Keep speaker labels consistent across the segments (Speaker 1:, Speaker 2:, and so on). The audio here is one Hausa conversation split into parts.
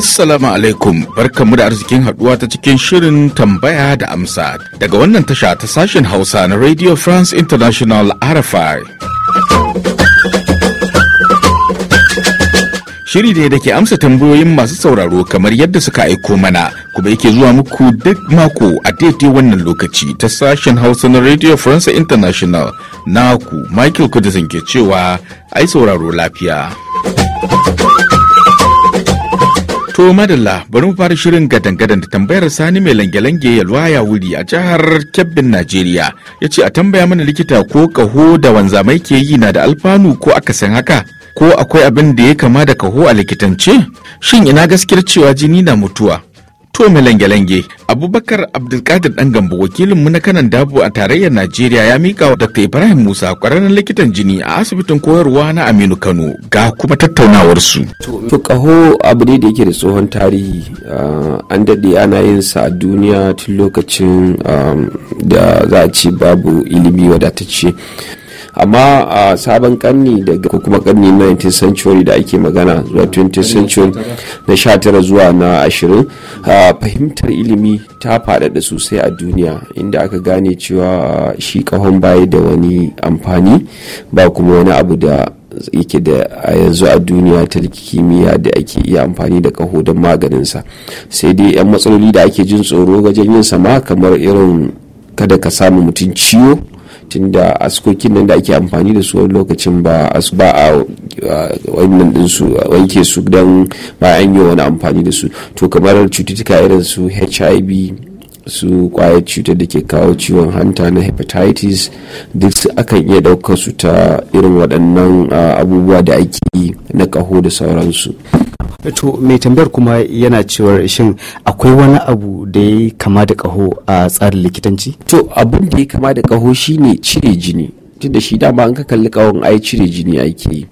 Speaker 1: Assalamu alaikum barkanmu da arzikin haduwa ta cikin shirin tambaya da amsa daga wannan tasha ta sashen Hausa na Radio France International RFI. Shiri ne da ke amsa tambayoyin masu sauraro kamar yadda suka aiko mana kuma yake zuwa muku duk mako a daidai wannan lokaci ta sashen Hausa na Radio France International naku Michael Kudisin ke cewa ai sauraro lafiya. To madalla bari mu fara shirin gadan-gadan da tambayar sani mai lange-lange ya ya wuri a jihar Kebbin Najeriya. Ya ce a tambaya mana likita ko kaho da wanzamai ke yi na da alfanu ko akasin haka? Ko akwai abin da ya kama da kaho a likitance? Shin ina gaskiyar cewa jini na mutuwa? To mai lange-lange, Abubakar Abdulkadir ɗan gambo wakilinmu na kanan dabo a tarayyar Najeriya ya mika wa Dr. Ibrahim Musa ƙwararren likitan jini a asibitin koyarwa na Aminu Kano ga kuma tattaunawarsu. To kaho abu ne da yake
Speaker 2: da tsohon tarihi ah, an daɗe ana yin sa a duniya tun lokacin ah, da za a ce babu ilimi wadatacce. amma a sabon karni daga ko kuma karni 19th century da ake magana zuwa 20th century na 19 zuwa na 20 fahimtar ilimi ta faɗaɗa sosai a duniya inda aka gane cewa shi kahon baya da wani amfani ba kuma wani abu da yake da a yanzu a duniya ta kimiyya da ake iya amfani da kaho don maganinsa sai dai 'yan matsaloli da ake jin tsoro wajen yin sama kamar irin kada ka samu mutum ciwo tunda askokin nan da ake amfani da su wani lokacin ba ba a wannan din su wanke su don ba an yi wani amfani da su to kamar cututtuka irin su HIV su kwayar cutar da ke kawo ciwon hanta na hepatitis duk su akan iya ɗaukar su ta irin waɗannan abubuwa da ake na ƙaho da sauransu
Speaker 3: to mai tambayar
Speaker 2: kuma yana cewar shin akwai wani abu da ya kama da kaho a tsarin likitanci to abin da ya kama da kaho shine cire jini da shi dama an ka kalli kawon ai cire jini ake yi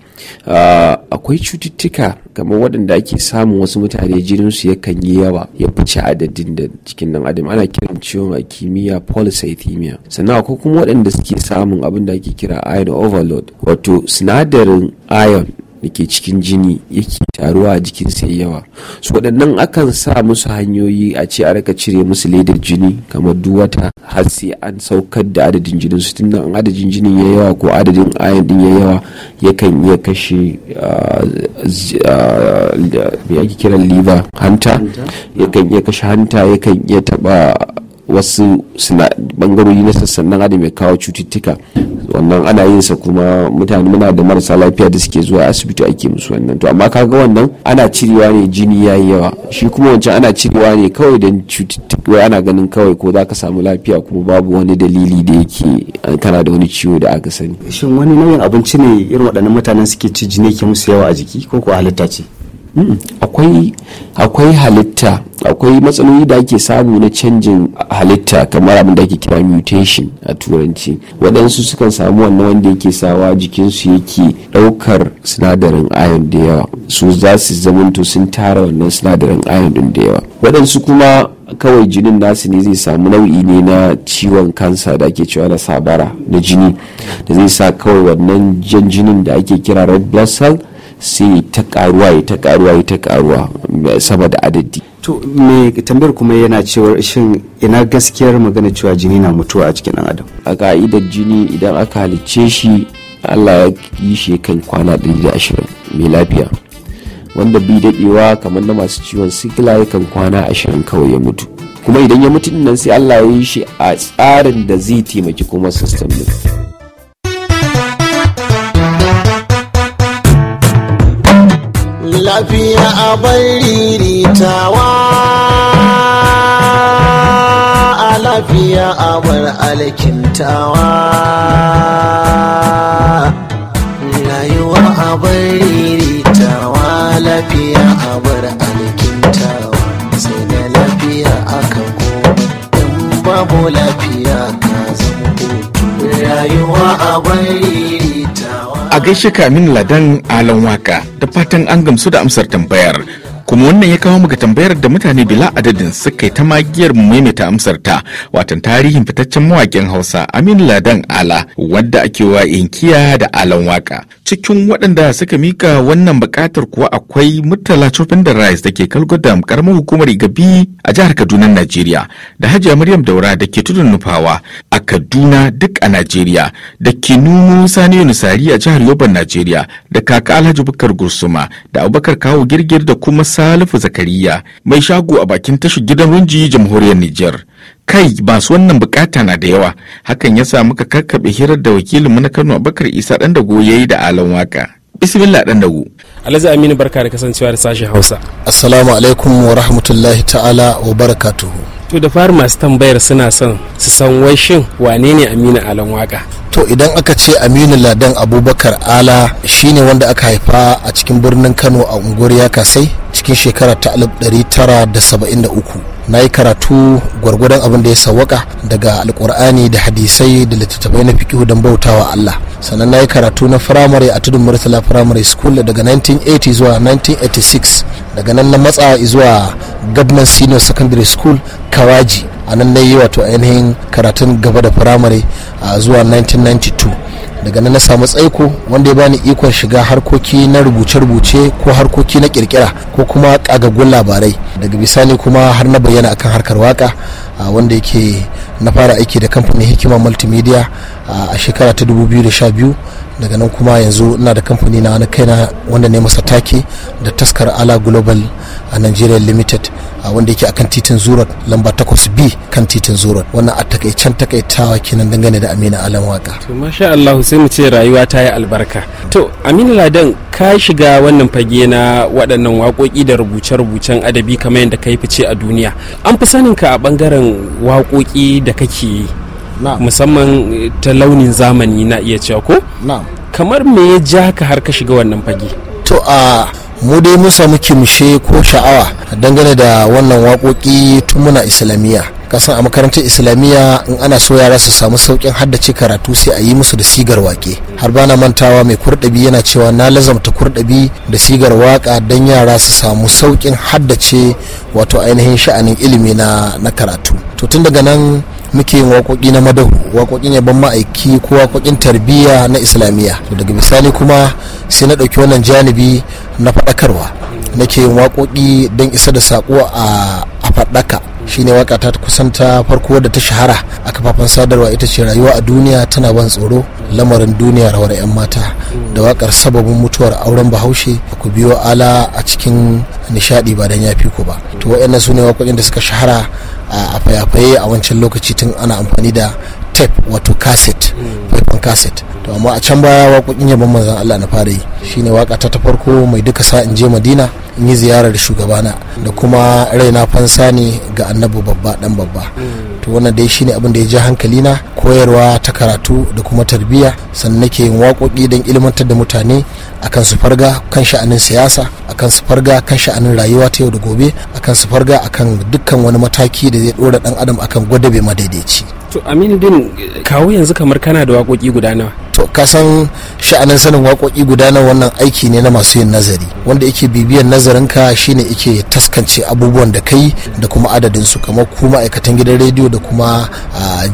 Speaker 2: ah, akwai cututtuka kamar waɗanda ake samun wasu mutane jinin su yakan yi yawa ya fice adadin da cikin nan adam ana kiran ciwon a kimiyya polycythemia sannan akwai kuma waɗanda suke samun abin da ake kira iron overload wato sinadarin iron da ke cikin jini yake taruwa a jikin sai yawa su waɗannan akan sa musu hanyoyi a ce a raka cire musu ledar jini kamar duwata har sai an saukar da adadin jinin su tunda an adadin jini ya yawa ko adadin ayan din ya yawa yakan iya kashe ah, ah, me ake kiran liver hanta yakan iya kashe hanta yakan iya taba wasu bangarori na sassan adam ya kawo cututtuka wannan ana yin sa kuma mutane muna da marasa lafiya da suke zuwa asibiti ake musu wannan to amma kaga wannan ana cirewa ne jini yayi yawa shi kuma wancan ana cirewa ne kawai don cututtuka wai ana ganin kawai ko za ka samu lafiya kuma babu wani dalili da yake eh, kana da wani ciwo da aka sani shin wani nau'in abinci ne irin waɗannan mutanen suke ci jini ke musu yawa a jiki ko ko halitta ce akwai halitta akwai matsaloli da ake samu na canjin halitta kamar abin da ake kira mutation a turanci waɗansu sukan samu wannan wanda yake sawa jikinsu yake ɗaukar sinadarin iron da yawa su za su zamanto sun tara wannan sinadarin iron din da yawa waɗansu kuma kawai jinin nasu ne zai samu nau'i ne na ciwon kansa da ake cewa na sabara na jini da zai sa kawai wannan jan jinin da ake kira red blood cell sai ta karuwa ya ta karuwa ta karuwa sama da adadi to me tambayar kuma yana cewa shin ina gaskiyar magana cewa jini na mutuwa a cikin adam a ka'idar jini idan aka halicce shi allah ya yi shi kan kwana 120 mai lafiya wanda bi dadewa kamar na masu ciwon sikila yakan kwana 20 kawai ya mutu kuma idan ya mutu nan sai allah ya yi shi a tsarin da zai taimaki kuma system din
Speaker 4: lafiya a bari ritawa a lafiya a bar alkintawa rayuwa a bariritawa ritawa lafiya a bar alkintawa sai da lafiya aka koma in babu lafiya ka zama rayuwa a bari
Speaker 1: a gaishe ka min ladan alan waka da fatan an gamsu da amsar tambayar kuma wannan ya kawo mu tambayar da mutane bila adadin suka yi ta magiyar mu maimaita amsar ta watan tarihin fitaccen mawakin hausa aminu ladan ala wadda ake wa inkiya da alan waka cikin waɗanda suka mika wannan buƙatar kuwa akwai murtala chopin da rice da ke kalgodam karamar hukumar igabi a jihar kaduna najeriya da hajiya maryam daura da ke tudun nufawa a kaduna duk a najeriya da kinumu sani nusari a jihar yoban najeriya da kaka alhaji bukar gursuma da abubakar kawo girgir da kuma Salifu Zakariya mai shago a bakin tashar gidan Runji jamhuriyar Nijar. Kai masu wannan bukata na da yawa hakan ya sa muka karkaɓe hirar da wakilinmu na Kano Abakar Isa ɗan da yi da alon waka. bismillah ɗan dago
Speaker 5: alhaji aminu barka da kasancewa da sashen
Speaker 1: hausa assalamu
Speaker 5: alaikum wa rahmatullahi ta'ala wa barakatuhu to da fari masu tambayar suna son su san wai shin wane ne aminu alan waka to idan aka ce aminu ladan abubakar
Speaker 4: ala shine wanda aka haifa a cikin birnin kano a unguwar sai. cikin shekara ta 1973 na yi karatu gwargwadon abin da ya sawaka daga alkur'ani da hadisai da littattafai na fikihu don bautawa Allah sannan na yi karatu na firamare a tudun murtala firamare school daga 1980 zuwa 1986 daga nan na matsa zuwa government senior secondary school kawaji a nan na yi wato ainihin karatun gaba da firamare a zuwa 1992 daga nan na samu tsaiko wanda ya bani ikon shiga harkoki na rubuce-rubuce ko harkoki na kirkira ko kuma ƙagaggun labarai daga bisani kuma har na bayyana akan harkar waka wanda yake na fara aiki da kamfanin hikima multimedia a shekara ta 2012 daga nan kuma yanzu ina da kamfani na kaina wanda ne masa take da taskar ala global a Nigeria Limited a wanda yake akan titin Zurat lamba 8B kan titin Zurat wannan a takaicen takaitawa kenan dangane da Amina alam Waka
Speaker 5: to masha Allah sai mu ce rayuwa ta yi albarka to Amina Ladan ka shiga wannan fage na waɗannan waƙoƙi da rubuce-rubucen adabi kamar yadda ka yi fice a duniya an fi sanin ka a bangaren waƙoƙi da kake yi musamman eh, ta launin zamani na iya cewa ko kamar me ya ja ka har ka shiga wannan fage to a
Speaker 4: mu dai mun samu kimshe ko sha'awa dangane da wannan waƙoƙi tun muna islamiyya kasan a makarantar islamiyya in ana so yara su samu saukin haddace karatu sai a yi musu da sigar waƙe har bana mantawa mai kurɗabi yana cewa na lazamta kurɗabi da sigar waƙa don yara su samu sauƙin haddace wato ainihin sha'anin ilimi na, na karatu to tun daga nan muke yin waƙoƙi na madahu waƙoƙin ban ma'aiki ko waƙoƙin tarbiyya na islamiyya daga misali kuma sai na ɗauki wannan janibi na faɗakarwa nake yin waƙoƙi don isa da saƙo a a faɗaka shine waka ta kusan ta farko da ta shahara a kafafen sadarwa ita ce rayuwa a duniya tana ban tsoro lamarin duniya rawar 'yan mata da wakar sababin mutuwar auren bahaushe ku biyo ala a cikin nishadi ba dan yafi ku ba to waɗannan su ne waƙoƙin da suka shahara a fayafaye a wancan lokaci tun ana amfani da tape wato cassette faifan cassette to amma a can baya waƙoƙin yabon manzon Allah na fara yi shine waka ta ta farko mai duka sa in je Madina in yi ziyarar shugabana da kuma raina fansa ne ga annabi babba dan babba to wannan dai shine abin da ya ji hankali na koyarwa ta karatu da kuma tarbiyya sannan nake yin waƙoƙi don ilmantar da mutane akan su farga kan sha'anin siyasa akan su farga kan sha'anin rayuwa ta yau da gobe akan su farga akan dukkan wani mataki da zai ɗora dan adam akan gwada bai madaidaici
Speaker 5: to amin din kawo yanzu kamar kana da waƙoƙi guda nawa to san sha'anin sanin
Speaker 4: waƙoƙi guda nawa wannan aiki ne na masu yin nazari wanda yake bibiyar nazarin ka shine yake taskance abubuwan da kai da kuma adadin su kamar ku ma'aikatan gidan rediyo da kuma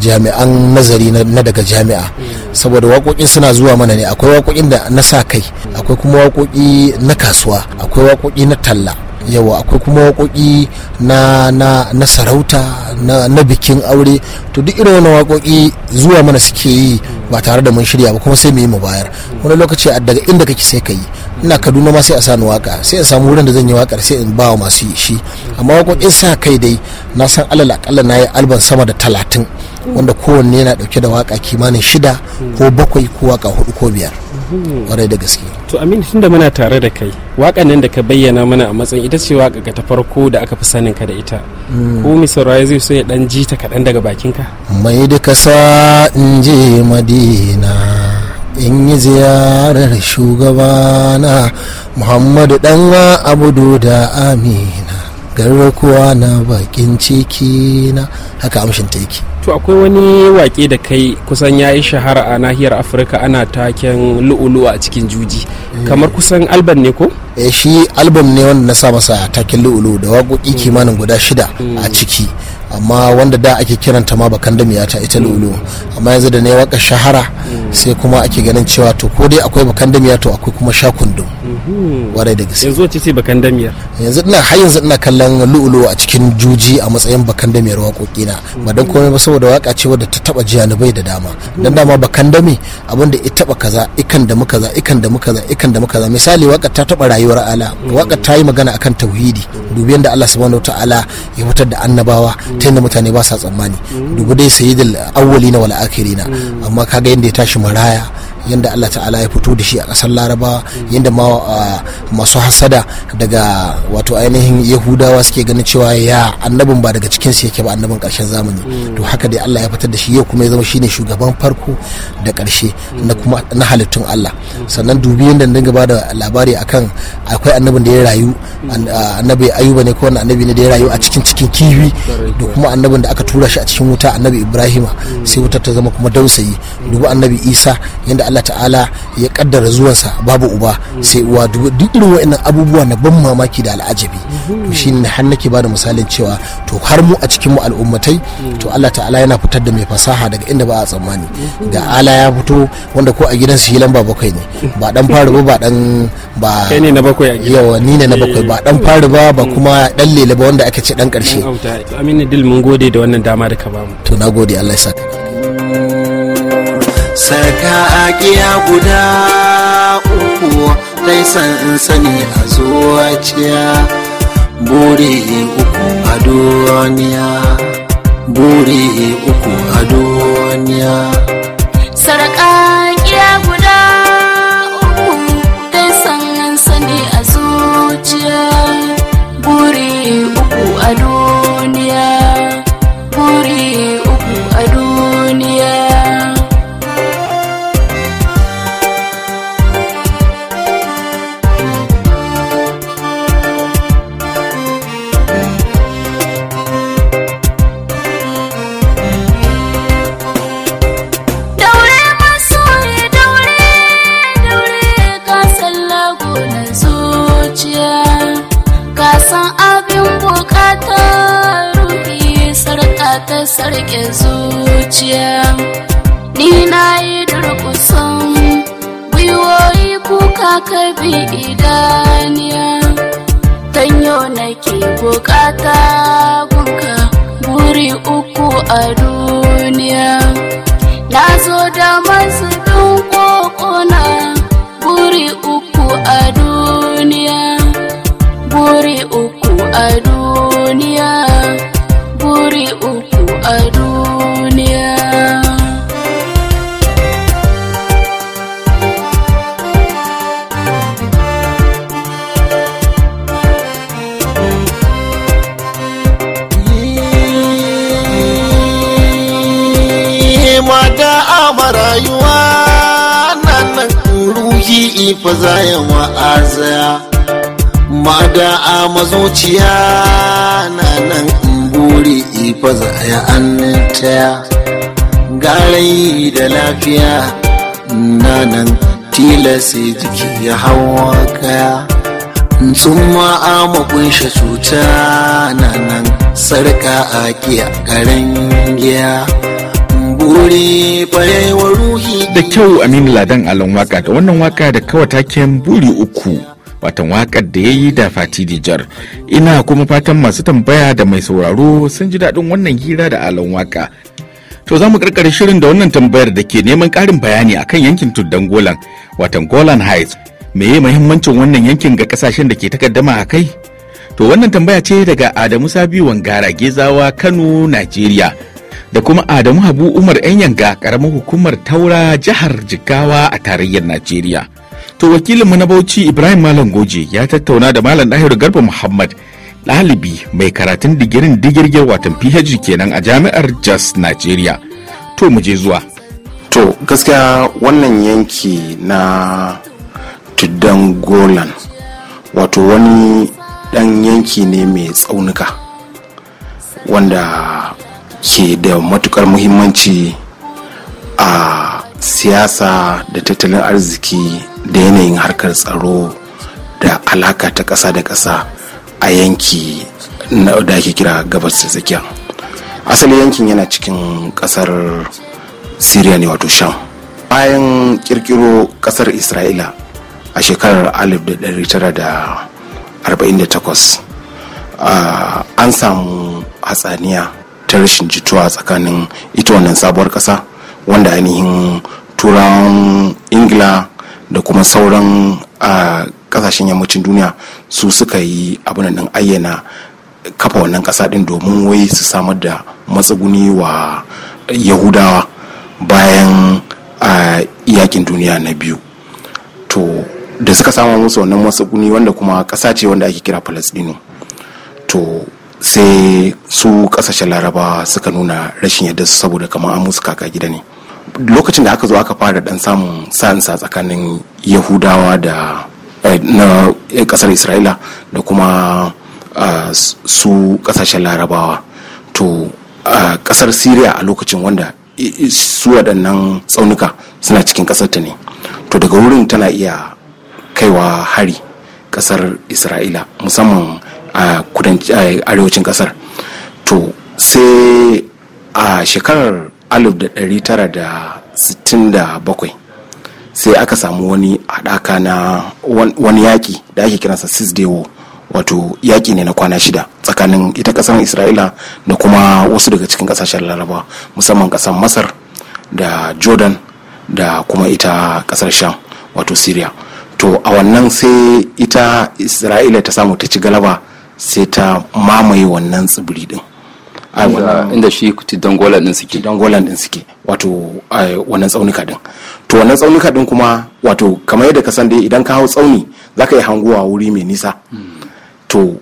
Speaker 4: jami'an nazari na daga jami'a saboda waƙoƙin suna zuwa mana ne akwai waƙoƙin da na sa kai akwai kuma waƙoƙi na kasuwa akwai waƙoƙi na talla yawa akwai kuma waƙoƙi na, na sarauta na bikin aure to duk irin wannan waƙoƙi zuwa mana suke yi ba tare da mun shirya ba kuma sai mu yi mu bayar wani lokaci daga inda kake sai ka yi ina kaduna ma sai a sani waka sai in samu wurin da zan yi wakar sai in ba wa masu yi shi amma in sa kai dai na san alal akalla na yi alban sama da talatin wanda kowanne yana dauke da waka kimanin shida ko bakwai ko waka hudu ko biyar kwarai da gaske
Speaker 5: to amin tun da muna tare da kai waƙan nan da ka bayyana mana a matsayin ita ce waka ga ta farko da aka fi sanin ka da ita mm. ko mi rai zai so ya dan ji ta kaɗan daga bakin ka
Speaker 4: mai ka sa in je madina in yi ziyarar shugabana muhammadu dan abudu da amina garrakuwa na bakin ciki na haka amshin teki
Speaker 5: to akwai wani waƙe da kai kusan ya yi shahara a nahiyar afirka ana taken lu'ulu a cikin juji eh. kamar
Speaker 4: kusan alban ne ko E, shi album ne wanda na sa masa taken lu'ulu da waƙoƙi hmm. kimanin guda shida a hmm. ciki amma wanda da ake kiranta ma bakan da ta ita lulu amma yanzu da ne waka shahara sai kuma ake ganin cewa to ko dai akwai bakan da miyata akwai kuma shakundum
Speaker 5: mhm. warai da gaske yanzu wace ce bakan da yanzu
Speaker 4: ina har yanzu ina kallon lulu a cikin juji a matsayin bakan da miyar waƙoƙi na ba dan komai ba saboda waka ce wadda ta taba bai da dama dan dama bakan da abin da ya taba kaza ikan da muka za ikan da muka za ikan da muka za misali waka ta taba rayuwar ala waka ta yi magana akan tauhidi dubi da Allah subhanahu wataala ya fitar da annabawa ta yadda mutane ba sa tsammani dubu dai sayi sayyidul na wal na. Mm. amma kaga yadda ya tashi maraya yadda Allah ta'ala ya fito da shi a ƙasar laraba yadda ma masu hasada daga wato ainihin yahudawa suke ganin cewa ya annabin ba daga cikin cikinsu yake ba annabin karshen zamani to haka dai Allah ya fitar da shi yau kuma ya zama shine shugaban farko da ƙarshe na kuma na halittun Allah sannan dubi yadda dinga ba da labari akan akwai annabin da ya rayu annabi ayuba ne ko annabi ne da ya rayu a cikin cikin kiwi da kuma annabin da aka tura shi a cikin wuta annabi ibrahima sai wutar ta zama kuma dausayi dubi annabi isa yadda Allah ta'ala ya kaddara zuwansa babu uba sai uwa duk irin wa'annan abubuwa na ban mamaki da al'ajabi to mhm. shine har nake bada misalin cewa to har mu a cikin mu al'ummatai mhm. to Allah ta'ala yana fitar da mai fasaha daga inda ba a tsammani mhm. ga ala ya fito wanda ko a gidansu shi lamba bakwai ne ba dan fara ba ba dan ba kai ne na bakwai a yawa ni ne na bakwai ba dan eh. fara ba ba mm. kuma dan lele ba wanda aka ce dan karshe
Speaker 5: aminu dil mun gode da wannan dama da ka bamu to nagode Allah ya saka sarka a kiya guda
Speaker 4: uku dai in sani a zuwaciya buri uku a duniya buri uku a duniya sarke zuciya ni na yi durkusan gwiwoyi
Speaker 5: kuka bi idaniya tanyo nake bukata buka buri uku a duniya
Speaker 2: na zo da masu dunkokona buri uku a
Speaker 4: mata a marayuwa nan ruhi ifa zayen wa'aza mada a mazociya nan guri ifa za a yi an taya garai da lafiya nanan tilasi jiki ya hawa kaya sun ma'ama kunshe cuta nanan sarka a kiya garin giya buri farewar ruhi
Speaker 1: da kyau aminu ladan alon waka da wannan waka da kawa taken buri uku watan wakar da ya yi da fati dijar ina kuma fatan masu tambaya da mai sauraro sun ji daɗin wannan hira da alon waka to za mu karkare shirin da wannan tambayar da ke neman ƙarin bayani akan yankin tuddan golan watan golan heights ya mahimmancin wannan yankin ga kasashen da ke takaddama a kai to wannan tambaya ce daga adamu sabi wangara gezawa kano nigeria da kuma adamu habu umar yan yanga karamar hukumar taura jihar jigawa a tarayyar najeriya To mu na Bauchi Ibrahim Malam Goje ya tattauna da Malam Dahiru Garba Muhammad ɗalibi mai karatun digirin digirgir watan PhD kenan a jami'ar Jos Nigeria. To mu je zuwa. To gaskiya wannan yanki na
Speaker 3: tuddan Golan wato wani ɗan yanki ne mai tsaunuka wanda ke da matukar muhimmanci a siyasa da tattalin arziki da yanayin harkar tsaro da alaka ta ƙasa da ƙasa a yanki na da ake kira gabas da tsakiya asali yankin yana cikin ƙasar syria ne wato sham bayan kirkiro ƙasar isra'ila a shekarar 1948 an samu hatsaniya ta rashin jituwa tsakanin ita wannan sabuwar ƙasa wanda ainihin turawan ingila da kuma sauran kasashen yammacin duniya su suka yi abin nan ayyana kafa wannan kasa din domin wai su samar da matsuguni wa yahudawa bayan yakin duniya na biyu to da suka samu musu wannan matsuguni wanda kuma kasa ce wanda ake kira palestino to sai su kasashen larabawa suka nuna rashin yadda su saboda kamar an musu kaka gida ne lokacin da aka zo aka fara dan samun sansa tsakanin yahudawa da eh, na kasar eh, isra'ila da kuma ah, su kasashen larabawa to kasar ah, syria a lokacin wanda su waɗannan tsaunuka suna cikin ta ne to daga wurin tana iya kaiwa hari ƙasar isra'ila musamman a ah, arewacin ƙasar to sai a shekarar 1967 sai aka samu wani haɗaka na wani yaƙi da ake kiransa six day war wato yaƙi ne na kwana shida tsakanin ita ƙasar isra'ila da kuma wasu daga cikin ƙasashen laraba musamman ƙasar masar da jordan da kuma ita ƙasar sham wato syria to a wannan sai ita isra'ila ta samu ta ci galaba sai ta mamaye wannan tsibiri din inda shi dangolan din suke dangolan din suke wato wannan tsaunuka din to wannan tsaunuka din kuma wato kamar yadda ka san dai idan ka hau tsauni zaka yi hanguwa wuri mai nisa hmm. to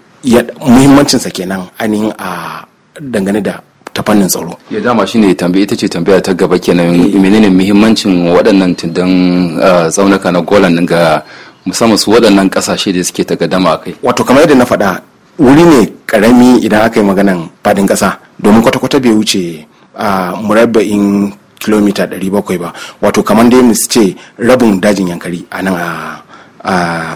Speaker 3: muhimmancin sa kenan ainihin a dangane da ta fannin tsaro. Ya dama shine tambaye ita ce tambaya ta gaba kenan eh. menene muhimmancin waɗannan tindan tsaunuka na golan ga musamman su waɗannan ƙasashe da suke ta gadama a kai. Wato kamar yadda na faɗa wuri ne karami idan aka yi maganan fadin ƙasa domin kwata-kwata bai wuce a murabba'in kilomita 700 ba wato kamar dai mu ce rabin dajin yankari a nan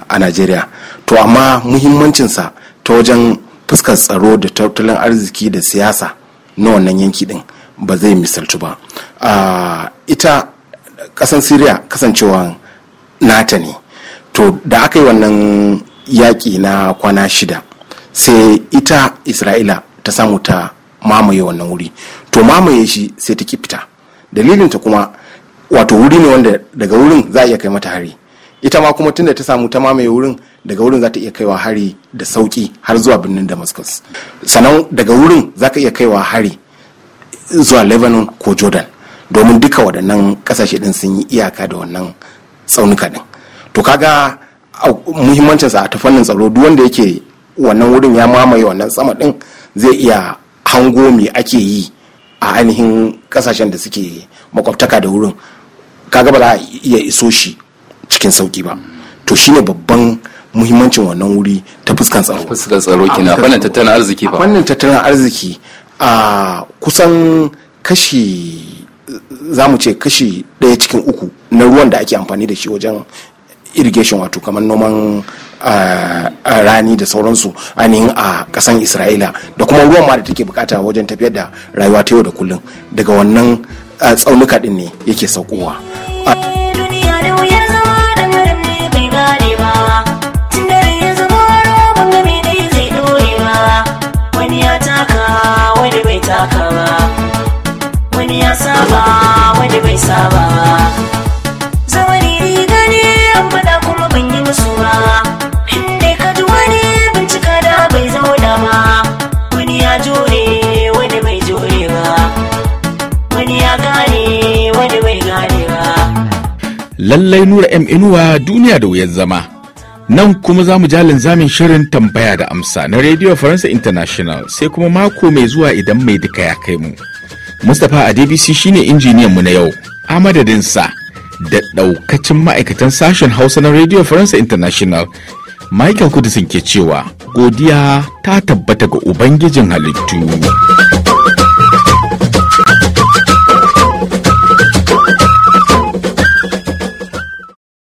Speaker 3: a najeriya to amma muhimmancinsa ta wajen fuskar tsaro da tattalin arziki da siyasa na wannan yanki din ba zai misaltu ba ita kasan syria kasancewa nata ne to da aka yi wannan yaƙi na kwana shida sai ita isra'ila ta samu ta mamaye wannan wuri to mamaye shi sai ta ki fita dalilin kuma wato wuri ne wanda daga wurin za a iya kai mata hari ita ma kuma tunda ta samu ta mamaye wurin daga wurin za ta iya kaiwa hari da sauki har zuwa birnin damascus sannan daga wurin za ka iya kaiwa hari zuwa lebanon ko jordan domin duka waɗannan ƙasashe ɗin sun yi iyaka da wannan tsaunuka ɗin to kaga muhimmancinsa a ta fannin tsaro duk wanda yake wannan wurin ya mamaye wannan sama din zai iya hango me ake yi a ainihin kasashen da suke makwabtaka da wurin kaga ba za a iya iso shi cikin sauki ba to shine babban muhimmancin wannan wuri ta fuskan tsaro fuskan tsaro kina fannin tattalin arziki ba fannin tattalin arziki a kusan kashi za ce kashi ɗaya cikin uku na ruwan da ake amfani da shi wajen irrigation wato kamar noman ah, ah, rani da sauransu ainihin a kasan isra'ila da kuma ruwan ma da take bukata wajen tafiyar da rayuwa ta yau da kullum daga wannan ah, tsaunuka din ne yake saukowa wani ya
Speaker 5: ba saba
Speaker 2: wani bai saba ba
Speaker 1: lallai nura m inuwa duniya da wuyar zama nan kuma za mu jalin zamin shirin tambaya da amsa na radio faransa international sai kuma mako mai zuwa idan mai duka ya kai mu mustapha a dbc shine injiniyan mu na yau a madadinsa da ɗaukacin ma'aikatan sashen hausa na radio faransa international michael kudisin ke cewa godiya ta tabbata ga ubangijin halittu